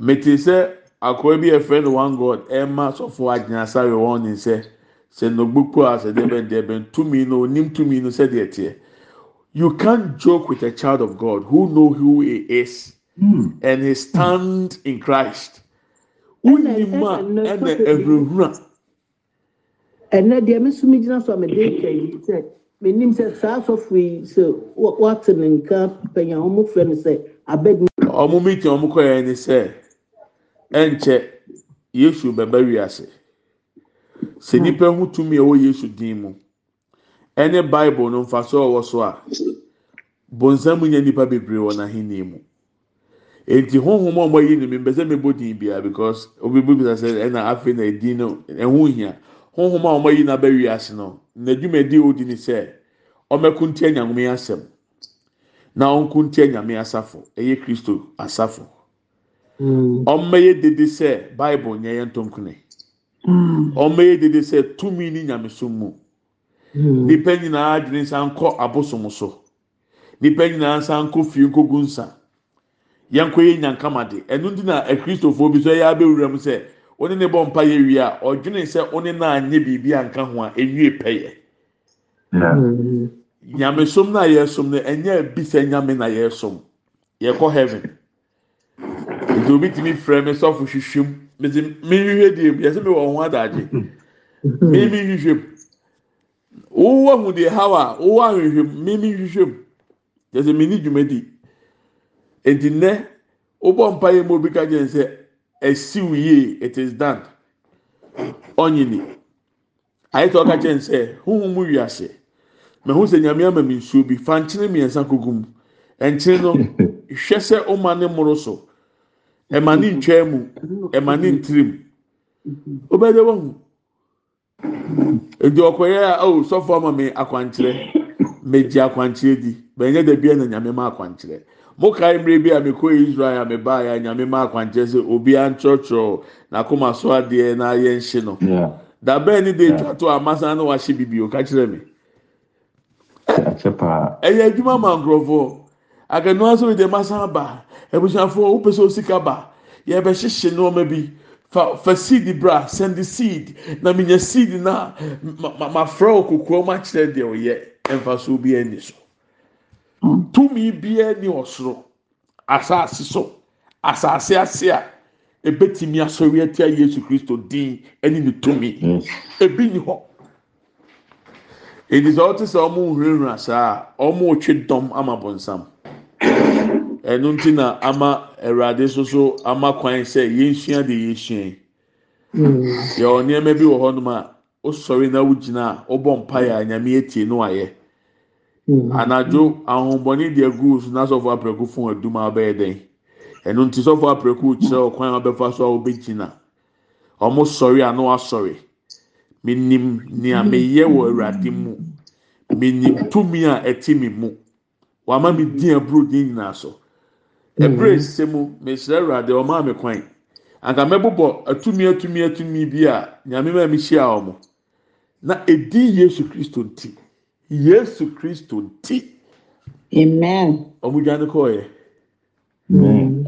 mete sɛ akɔrɔ bi yɛfrɛ no one god ɛma sɔfo agyina sáré wɔn ne nsɛ sɛ nogbuku a sɛ deɛ deɛ bɛn tumi no onim tumi no sɛdeɛ teɛ you can't joke with a child of god who know who he is mm. and he stand in christ wunim a ɛna ɛhurahura. ɛnɛ deɛ mi sumi gyina so a mi de kɛ yi menim sɛ saa asɔfo yi sɛ wɔate ne nka panyin a wɔn fɛ no sɛ abeg. wɔn meeting wɔn ya ni sɛ ɛnkyɛ yesu bɛbɛ ase, sɛ nipa ho tumi ɛwɔ yesu din mu ɛne bible no mfaso a ɔwɔ so a bonsam nyɛ nipa bebree wɔ n'ahenni mu eti honhom a wɔn ayi ne mbɛsɛ din bia because obi bi sɛ ɛna afei na edin no ɛho a wɔn na bɛ no. n'edwumadi odi ni sɛ ɔmɛkuntia nyame asɛm na ɔnkuntia nyame asafo ɛyɛ kristo asafo hmm. ɔmɛyɛ dede sɛ bible nyɛ yɛn ntonkune hmm. ɔmɛyɛ dede sɛ tumi ni so mu hmm. nipa nyinaa adwene nsa nkɔ abosom so nipa nyinaa nsa nkɔ fie nkɔgu nsa yɛn nkɔ yɛ nyankamade ɛnu ti na akristofoɔ bi so ɛyɛ abɛwura mu sɛ. Oni ne bɔ mpa yɛ wie a ɔdwene sɛ ɔne na anya biribi anka ho a ewie pɛyɛ nyamesom na yɛ som no ɛnyɛ bi sɛ nyame na yɛ som yɛkɔ heaven nti obi tumi frɛ mi sɔfo hwehwɛm meti mi hwehwɛ die mu yɛsɛ mi wɔ ho adagye mi mi hwehwɛm wowɔ ahu deɛ ha wa wowɔ ahwehwɛm mi mi hwehwɛm yɛsɛ mi ni dwuma di eti nnɛ wobɔ mpa yɛ mu obi ka gye nsɛ. esi yie it is done ɔnyini ayɛ tɛ ɔka kyɛn sɛ huhu mu wi ase mɛ hu sɛ nyame nsuo bi fa nkyene mmiɛnsa kogu mu nkyene no hwɛ sɛ ɔma ne moro so ɛma ne ntwɛn mu ɛma ne ntirim obɛde wɔn nti ɔkɔyɛ a ɔwɔ oh, sɔfo ama mi akwankyerɛ mɛ gye akwankyerɛ di bɛnyɛ dɛ bia na ma akwankyerɛ. mokae mmerɛ bi a mekɔ israel a me baɛnyame ma akwankyɛ sɛ obiankyrɔtyrɛ nakomasoadeɛ nayɛnhye no daban ne de atwato amasa ne wahyɛ bibioka kyerɛ meɛ adwuma mankoɔasideasababafoɔwopɛ sɛska ba yɛbɛhyehye noɔma bi fa seed bera sende seed na minya seed na mafrao kokro makyerɛ deɛ oyɛ mfao bianiso ntumi biara ni ɔsoro asaase so asase ase a ebetumi asɔre atia yesu kristo din ɛne ne tumi ebi ni hɔ edisa ɔte sɛ ɔmo nhwirenwira asaa ɔmo twe dɔm ama bɔnsam ɛnu ti na ama awurade soso ama kwan sɛ yɛnsua de yɛnsua yi mm. yɛ ɔnneɛma bi wɔ nom a osɔre na wogyina a ɔbɔ mpaeɛ a nyame etie no ayɛ. anadwo ahombɔni deɛ gu so n'asɔfo apɛku fún aduma abɛyɛ dɛn ɛnu nti sɔfo apɛku kyerɛ ɔkwan abɛfa so hmm. a ɔbɛgyina ɔmo sɔre ano asɔre minim nea meyɛ wɔ awurade mu minim tumi a ɛte mi mu wama mi di aburo di nyinaa so ebire nsɛm hmm. e mesrɛ awurade ɔmo ame kwan anka mɛbobɔ atumi e atumi e atumi bi a nyame maa mi hyia ɔmo na edi yesu kristo ti yesu kristo nti. amen. ọmọ ìjà ni kò yẹ.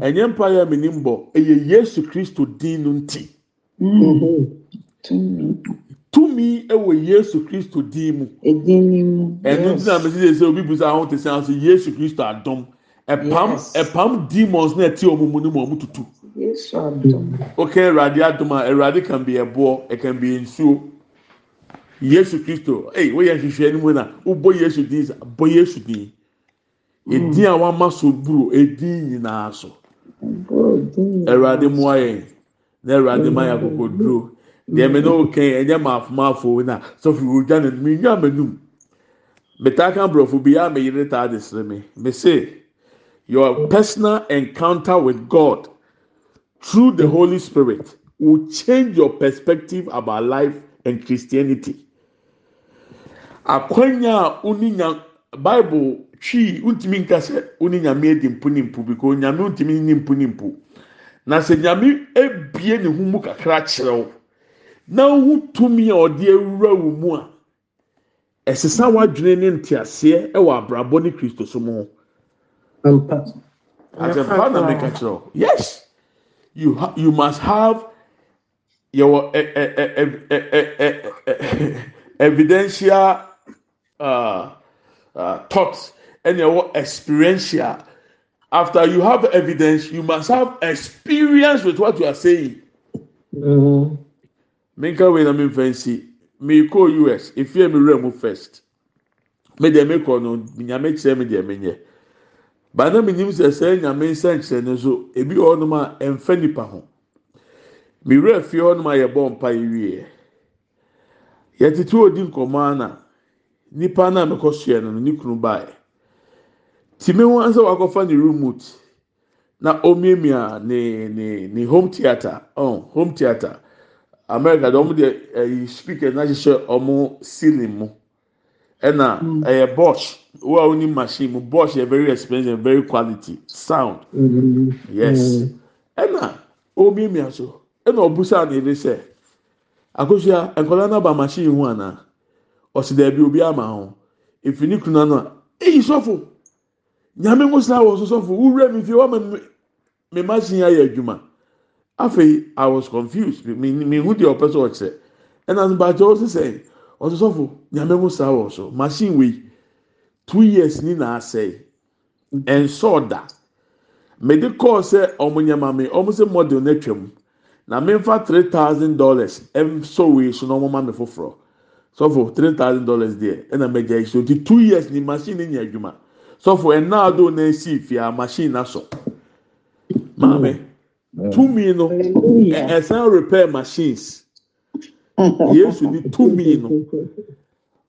ẹ̀yẹ́ mpa yẹ mi ní bọ̀ ẹ̀yẹ yesu kristo dín nu nti. Mm-hmm. túmí ẹwọ yesu kristo dín mu. ẹdín ni mu. ẹnu tí náà mi ti sè é sẹ obi bu sẹ ahọ́n ti sẹ ahọ́n sẹ yesu kristo àdọ́m ẹ̀pam ẹ̀pam demons náà ti ọmọ mu ni mu ọmọ tutu. yesu àdọ́m. ó kẹ́ ẹ̀rọ adé a ẹ̀rọ adé kan bí ẹ̀bọ ẹ̀ kan bí nsuo. yesu kristo ee woyɛ nhwehwɛ anim na wobɔ yesu din sa bɔ yesu din edin a hmm. wama eh? so buru edin nyinaa so awurade mua yɛn na awurade ma yɛ akoko duro deɛ mi na okan yɛn nyɛ maafomaafo na sɔfi wogya ne mi nya menum bitaaka borɔfo bi a mi yere taa de sere mi mi your personal encounter with god through the holy spirit will change your perspective about life and christianity. akwanya a na bible twii wontumi nka sɛ wone nyame adi mpone mpu bsname wontumi ne mpo nmpu na sɛ nyame abue ne ho mu kakra kyerɛ w na wohotumi a ɔde awura wɔ mu a ɛsesa w'adwenee ne nteaseɛ ɛwɔ abrabɔ ne kristo so mu hoɛ yes oums ha yɛwɔ eh, eh, eh, evidentia uh, uh, and your experiential. After you have evidence, you must have experience with what you are saying. Mm-hmm. Minka wey na mi fancy mi kó US efi emi rẹ mu first mi dẹ̀ mi kọ no nyame me mi dẹ̀ mi nyẹ bana mi nim sẹ sẹ nyame nsẹnkyerẹ ni so ebi wọ hɔnom a ɛnfɛ nipa ho mi rẹ fi hɔnom a yɛ bɔ mpa yi wie yɛ tete odi nkɔmɔ ana. nipa na mekɔ soɛ no ne kunu baa tìmí wọn ansẹ wọn akɔfa ne remote na omiamia ne ne ne home theatre ɔn oh, home theatre america de ɔmo de ɛyi eh, speaker na hyehyɛ ɔmo ceiling mu ɛna mm. ɛyɛ bosch wo a woni machine mu bosch yɛ very expensive very quality sound mm-hmm. yes mm. ɛna omiamia so ɛna ɔbusa ne yɛ de sɛ akosua nkɔla naba machine ho ana. ɔsi dɛbi obi ama ho efi ne kunu ano a eyi sɔfo nyame nwosira wɔ so sɔfo wura mi fie wama mi machine ayɛ adwuma afei i was confused mi mi hu deɛ ɔpɛ so ɔkyerɛ ɛna mbakyɛ ɔsi sɛ ɔsi sɔfo nyame nwosira wɔ so machine wei two years ni na asɛe ɛnsɔɔ da mede kɔɔ sɛ ɔmo nyɛma mi ɔmo sɛ model na twɛm na mefa three thousand dollars ɛnsɔ wei so na ɔmo ma mi foforɔ sɔfo three thousand dollars there ɛna mɛgya So nti two years ni machine ni nyɛ adwuma sɔfo ɛnaado na esi fia machine na sɔ maame tumi no ɛsan repair machines yesu ni tumi no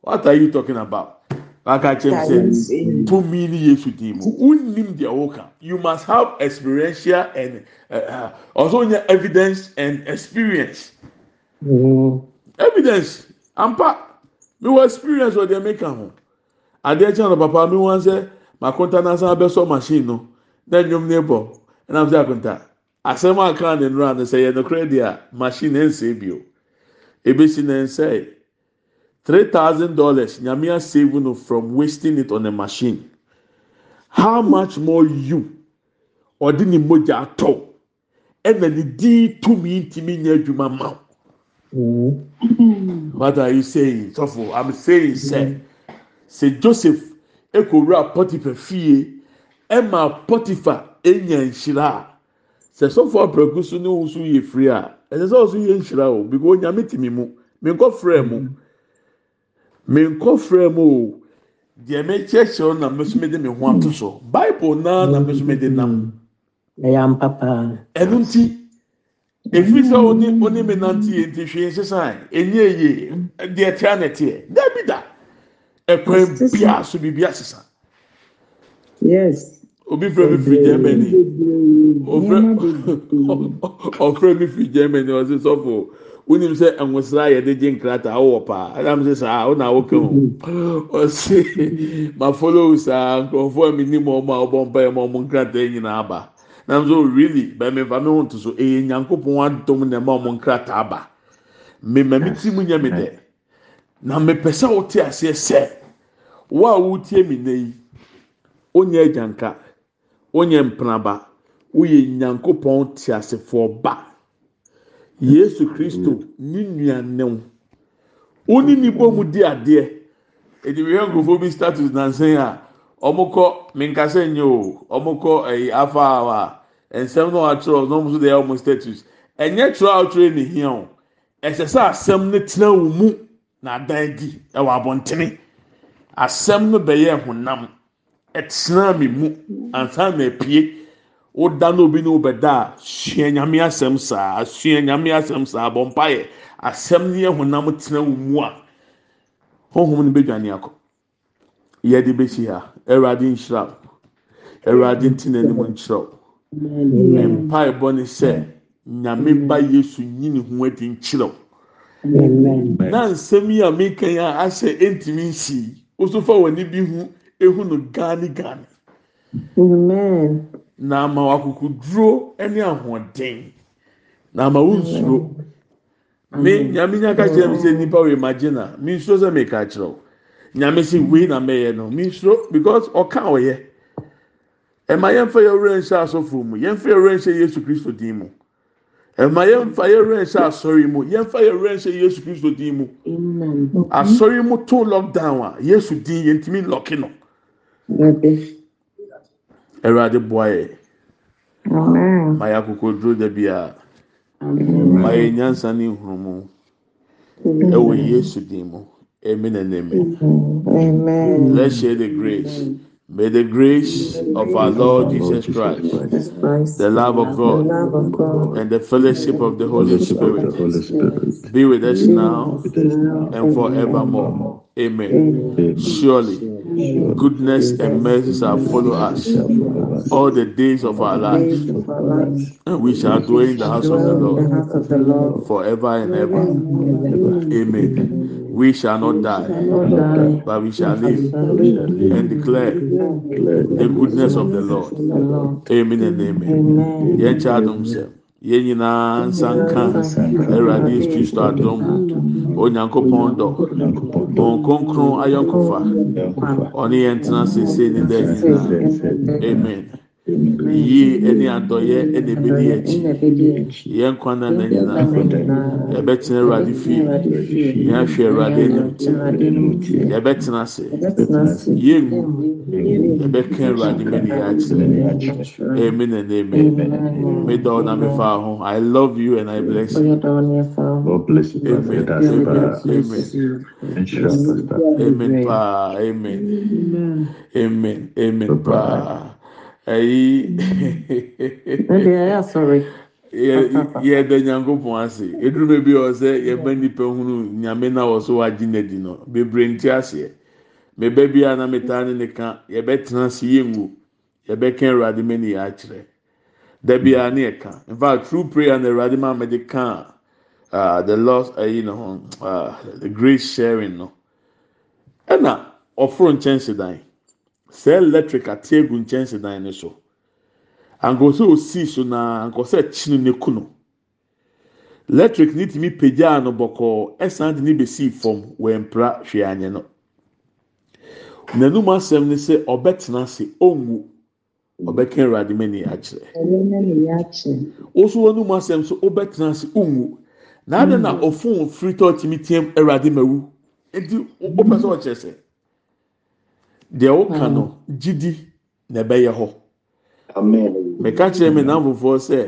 what are you talking about aka kyerɛ mi sɛ tumi ni yesu di mu unim deɛ ɔka you must have experiential and uh, uh also nye evidence and experience mm. evidence ampa mewɔ experience wɔ deɛ meka ho adeɛ kyɛn no papa mi wɔn sɛ makonta n'asan abɛsɔ machine no na nnwom ne bɔ ɛnam sɛ akonta asɛm a kaa ne nura no sɛ yɛ nokorɛ deɛ a machine nsa bio ebesi ne nsa three thousand dollars nyamea save no from wasting it on a machine how much more you ɔde ne mogya atɔ ɛna ne di tumi ntumi nyɛ adwuma ma o. Mm-hmm. What are you saying? Sọfọ, I'm saying sẹ, mm-hmm. sẹ Joseph ekowura Potiphar fie ẹ ma Potiphar enya nhyira a sẹ sọfọ apẹku so ne wosu yẹ firi a ẹsẹ sẹ wosu yẹ nhyira o because onyame ti mi mu mi nkọ fira mu mm-hmm. mi nkọ fira mu o deɛ mi kyerɛkyerɛ na mi nso mi de mi ho ato so Bible naa na mi nso mi de nam. Ɛyà mpapa. Ɛnu ti efiri sɛ oni oni mi nante yɛ nti hwee sisan enye yie deɛ tia na teɛ dabi da ɛkwan bia so bibi asesa. yes. obi fura mi firi germany ɔfura mi firi germany ɔsi sɔfo wonim sɛ nwosira yɛde gye nkrataa awɔ paa ɛnam sɛ saa ɔna awoka ho ɔsi ma follow saa nkurɔfoɔ mi ni mu ɔmo a ɔbɔ mpa yɛ mu ɔmo nkrataa nyinaa ba nam so really eh, bẹẹmi nfa mi ho nto so eye nyankopɔn adom na ɛma ɔmo nkrataa ba mmemme mi ti mu nyɛ mi dɛ na mepɛ sɛ wote aseɛ sɛ wo a wotie mi nne yi onyɛ agyanka onyɛ mpenaba woyɛ nyankopɔn te asefoɔ ba yesu kristo ne nuanem wo ne nibɔ mu di adeɛ edi mi hɛ nkurɔfoɔ bi status nansan a wɔn kɔ minkasa nye o wɔn kɔ ɛyi afa awa nsɛm na wɔatwerɛ na wɔn nso de ɛyɛ wɔn status ɛnyɛ twerɛ atwerɛ ne hia o ɛsɛ sɛ asɛm no na adan di ɛwɔ abɔntene asɛm no bɛyɛ honam ɛtena mi mu ansa na apie woda na obi na obɛda a sua nyame asɛm saa sua nyame asɛm saa bɔ mpa yɛ asɛm no tena wɔn a honhom no bɛ dwane yɛde bɛsi ha awurade nhyira wo awurade nti n'anim nkyerɛ wo mpaebɔ ne sɛ nyame ba yesu nyini ho adi nkyerɛ wo na nsɛm yi a meka yi a ahyɛ ntumi nsi woso fa w'ani bi ho ehu no gaani gaani na ama w'akokoduro ne ahoɔden na ama wo nsuro me nyame nya ka kyerɛ mi sɛ nipa wɔ imagine a mi nsuo sɛ meka kyerɛ wo. nyame si wei na mɛyɛ no mi nsoro because ɔka ɔyɛ ɛma yɛn fɛ yɛ wura nhyɛ asɔfo mu yɛn fɛ yɛ wura nhyɛ yesu kristo din mu ɛma yɛn fɛ yɛ wura nhyɛ asɔre mu yɛn fɛ yɛ wura nhyɛ yesu kristo din mu asɔre mu to lockdown a yesu din yɛn ntumi lɔki no ɛwurade boa yɛ ma yɛ akoko duro dabi a ma yɛ nyansa ne nhurumu ɛwɔ yesu din mu. Amen and amen. Amen. Let's share the grace. May the grace of our Lord Jesus Christ, the love of God, and the fellowship of the Holy Spirit be with us now and forevermore. Amen. Surely, goodness and mercy shall follow us all the days of our lives, and we shall dwell in the house of the Lord forever and ever. Amen we shall not die, but we shall live and declare the goodness of the Lord. Amen and amen. Yɛn kyɛ adum sɛ, yɛn nyinaa nsa o Awurade Yesu Kristo adum, Onyankopɔn dɔ, Wɔn Kronkron ayɔnkofa, Ɔne tena sese ne dɛ nyinaa. Amen yie ne adɔyɛ ne ebedi akyi yɛn kwan na na yɛbɛtena awurade fie yɛahwɛ awurade anim ti yɛbɛtena ase yɛngu yɛbɛka awurade mɛni yɛ emi na na emi mi dɔw na mi fa ho i love you and i bless you amen amen amen paa amen amen amen paa. ayi ɛdi ɛyɛ asɔre yɛ dɛ nyankopɔn ase eduru beebi a ɔsɛ yɛbɛ nipa hunu nyame na wɔso wagye n'adi no bebree nti aseɛ bɛbɛ bi a na metaa ne ne ka yɛbɛ tena se yɛ ngu yɛbɛ ka awurade mɛ ne yɛ akyerɛ dabi a mm. ne yɛ ka in fact true prayer na awurade maa mɛ de ka ah the Lord, ayi na ho ah the grace sharing no ɛna ɔforo nkyɛnse dan. sɛ electric ate egu nkyɛnse dan ne so ankɔsɛ osii so na ankɔsɛ kyini ne ku no electric ne tumi pagyaa no bɔkɔɔ ɛsan de ne besi fam wɛmpra hwee no n'anum asɛm ne sɛ ɔbɛtena ase onwu ɔbɛka awurade mani akyerɛ woso w'anum asɛm so wobɛtena ase onwu na adɛ na ɔfon firi tɔ timi tiam awurade ma wu eti wopɛ sɛ ɔkyerɛ sɛ deɛ woka mhm. no gyidi na ɛbɛyɛ hɔ mɛka kyerɛ mi nan fofoɔ sɛ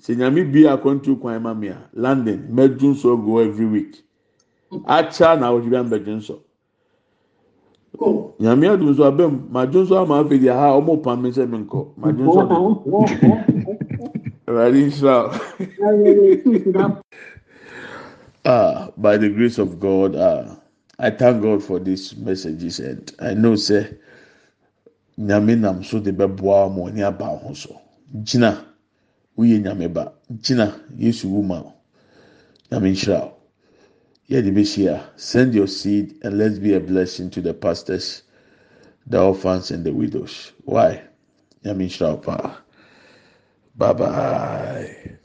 sɛ nyame bi akɔntu kwan ma mi a london mɛdun so go every week akyɛ na awɔdwi bi ambɛdun so nyame adun so abɛm madun so ama afei deɛ ha ɔmo pam mi sɛ mi nkɔ madun so ɛwɛde nhyira o <laughs> ah by the grace of god ah. I thank God for these messages and I know sɛ nyame nam so de bɛboa mo ɔne aba ho so gyina woyɛ nyame ba gyina yesu wu ma nyame nhyira yɛ de bɛhyia send your seed and let's be a blessing to the pastors the orphans and the widows why nyame nhyira pa. bye bye.